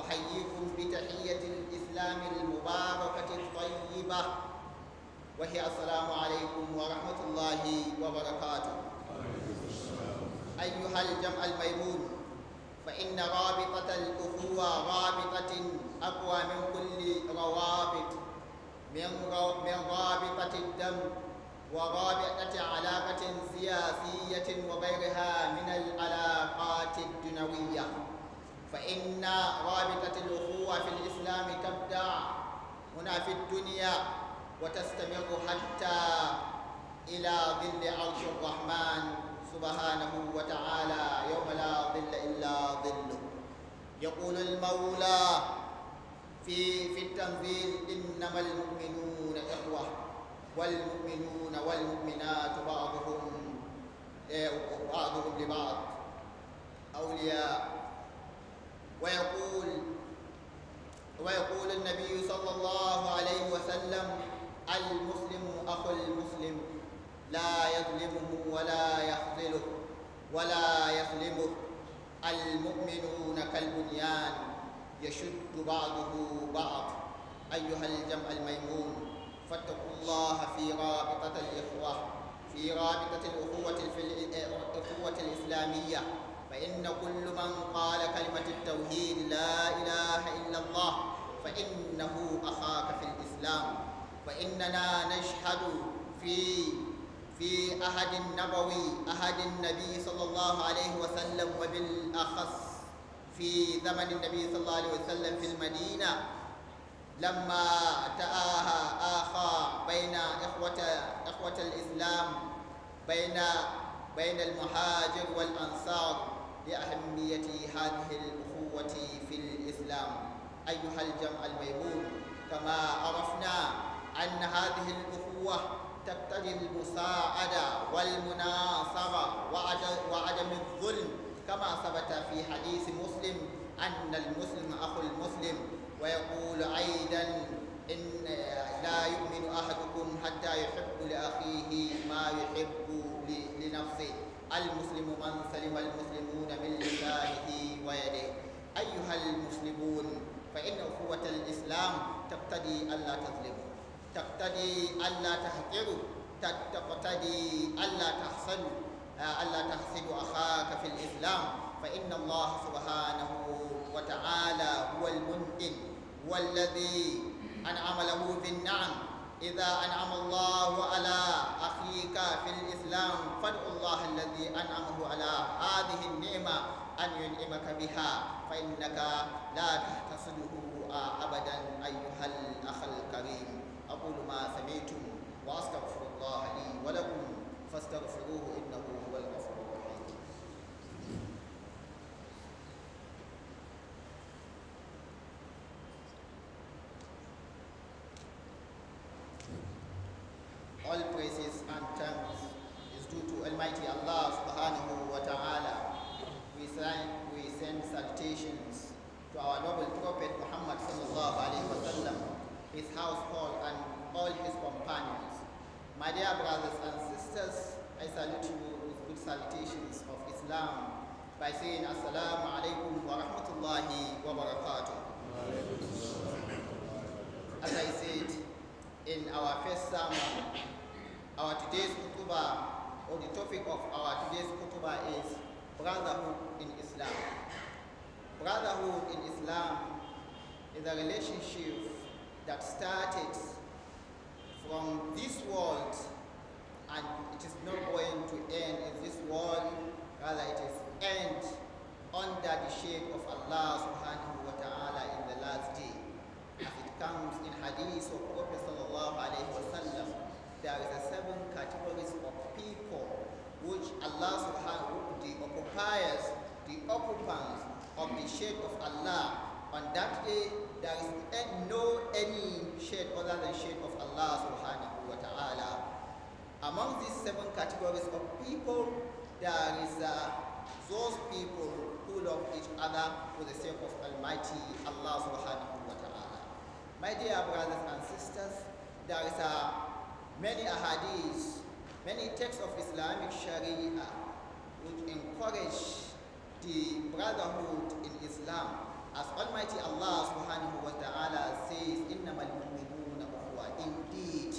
أحييكم بتحية الإسلام المباركة الطيبة وهي السلام عليكم ورحمة الله وبركاته أيها الجمع الميمون فإن رابطة الأخوة رابطة أقوى من كل روابط من رابطة الدم ورابطة علاقة سياسية وغيرها من العلاقات الدنوية فإن رابطة الأخوة في الإسلام تبدأ هنا في الدنيا وتستمر حتى إلى ظل عرش الرحمن سبحانه وتعالى يوم لا ظل إلا ظله يقول المولى في في التنزيل إنما المؤمنون إخوة والمؤمنون والمؤمنات بعضهم إيه، بعضهم لبعض أولياء ويقول ويقول النبي صلى الله عليه وسلم المسلم أخو المسلم لا يظلمه ولا يخذله ولا يظلمه المؤمنون كالبنيان يشد بعضه بعض أيها الجمع الميمون فاتقوا الله في رابطة الإخوة في رابطة الأخوة, الإخوة الإسلامية فإن كل من قال كلمة التوحيد لا إله إلا الله فإنه أخاك في الإسلام فإننا نشهد في في أحد النبوي أحد النبي صلى الله عليه وسلم وبالأخص في زمن النبي صلى الله عليه وسلم في المدينة لما تآها آخا بين إخوة إخوة الإسلام بين بين المهاجر والأنصار هذه الأخوة في الإسلام أيها الجمع الميمون كما عرفنا أن هذه الأخوة تقتضي المساعدة والمناصرة وعدم الظلم كما ثبت في حديث مسلم أن المسلم أخو المسلم ويقول أيضا إن لا يؤمن أحدكم حتى يحب لأخيه ما يحب لنفسه المسلم من سلم المسلمون من لسانه ويده أيها المسلمون فإن أخوة الإسلام تقتدي ألا تظلموا تقتدي ألا تحقروا تقتدي ألا تحسدوا ألا تحسدوا أخاك في الإسلام فإن الله سبحانه وتعالى هو المنتن والذي أنعم له بالنعم إذا أنعم الله على أخيك في الإسلام فادع الله الذي أنعمه على هذه النعمة أن ينعمك بها فإنك لا تحتصده آه. all praises and thanks is due to Almighty Allah subhanahu wa ta'ala. We, we send salutations to our noble Prophet Muhammad sallallahu alayhi wa sallam, his household and all his companions. My dear brothers and sisters, I salute you with good salutations of Islam by saying Assalamu alaikum wa rahmatullahi wa barakatuh. As I say, in our first sermon. Our today's kutuba, or the topic of our today's kutuba is brotherhood in Islam. Brotherhood in Islam is a relationship that started from this world occupants of the shade of Allah. On that day, there is eh, no any shade other than shade of Allah subhanahu wa ta'ala. Among these seven categories of people, there is uh, those people who love each other for the sake of Almighty Allah subhanahu wa ta'ala. My dear brothers and sisters, there is uh, many ahadith, many texts of Islamic Sharia which encourage the brotherhood in Islam. As Almighty Allah subhanahu wa ta'ala says, Indeed,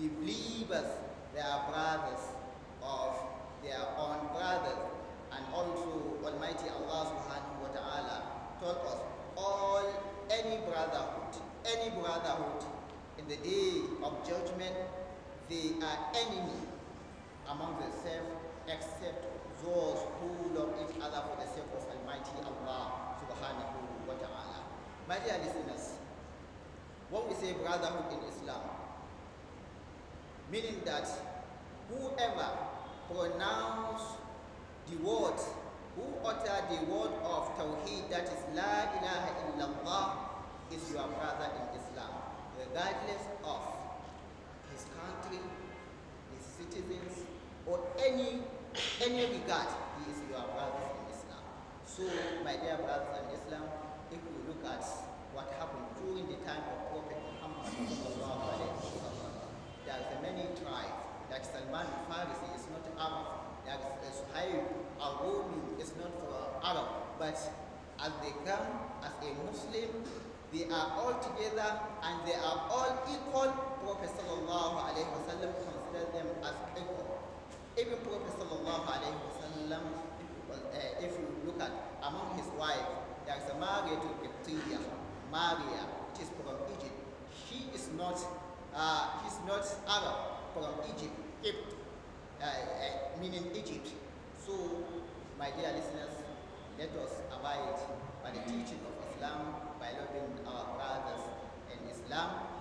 the believers, they are brothers of their own brothers. And also Almighty Allah subhanahu wa ta'ala taught us all any brotherhood, any brotherhood in the day of judgment, they are enemy among themselves except those who love each other for the sake of Almighty Allah subhanahu wa ta'ala. My dear listeners, when we say brotherhood in Islam, meaning that whoever pronounced the word, who uttered the word of Tawheed, that is La ilaha illallah, is your brother in Islam, regardless of his country, his citizens, or any any regard, he is your brother in Islam. So, my dear brothers in Islam, if we look at what happened during the time of Prophet Muhammad, there are many tribes, like Salman Farisi is not Arab, like Suhaib al-Rumi is not for Arab, but as they come as a Muslim, they are all together and they are all equal. Prophet sallallahu alayhi wa considers them as equal. Even Prophet sallallahu alayhi wa sallam, if you look at among his wives, there is a Maria to Qibtiyya, Maria, which is from Egypt. She is not, uh, he's not Arab from Egypt, Egypt uh, uh, meaning Egypt. So, my dear listeners, let us abide by the teaching of Islam, by loving our brothers in Islam,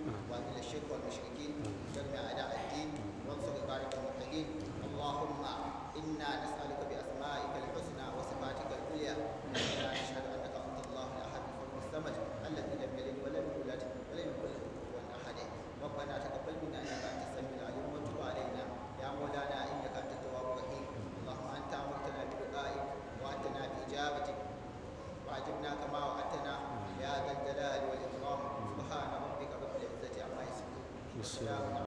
ومن الشرك والمشركين جمع أعداء الدين وانصر عبادك الموحدين اللهم إنا نسألك بأسمائك الحسنى وصفاتك العليا إنا نشهد أنك أنت الله الأحد الفرد الصمد الذي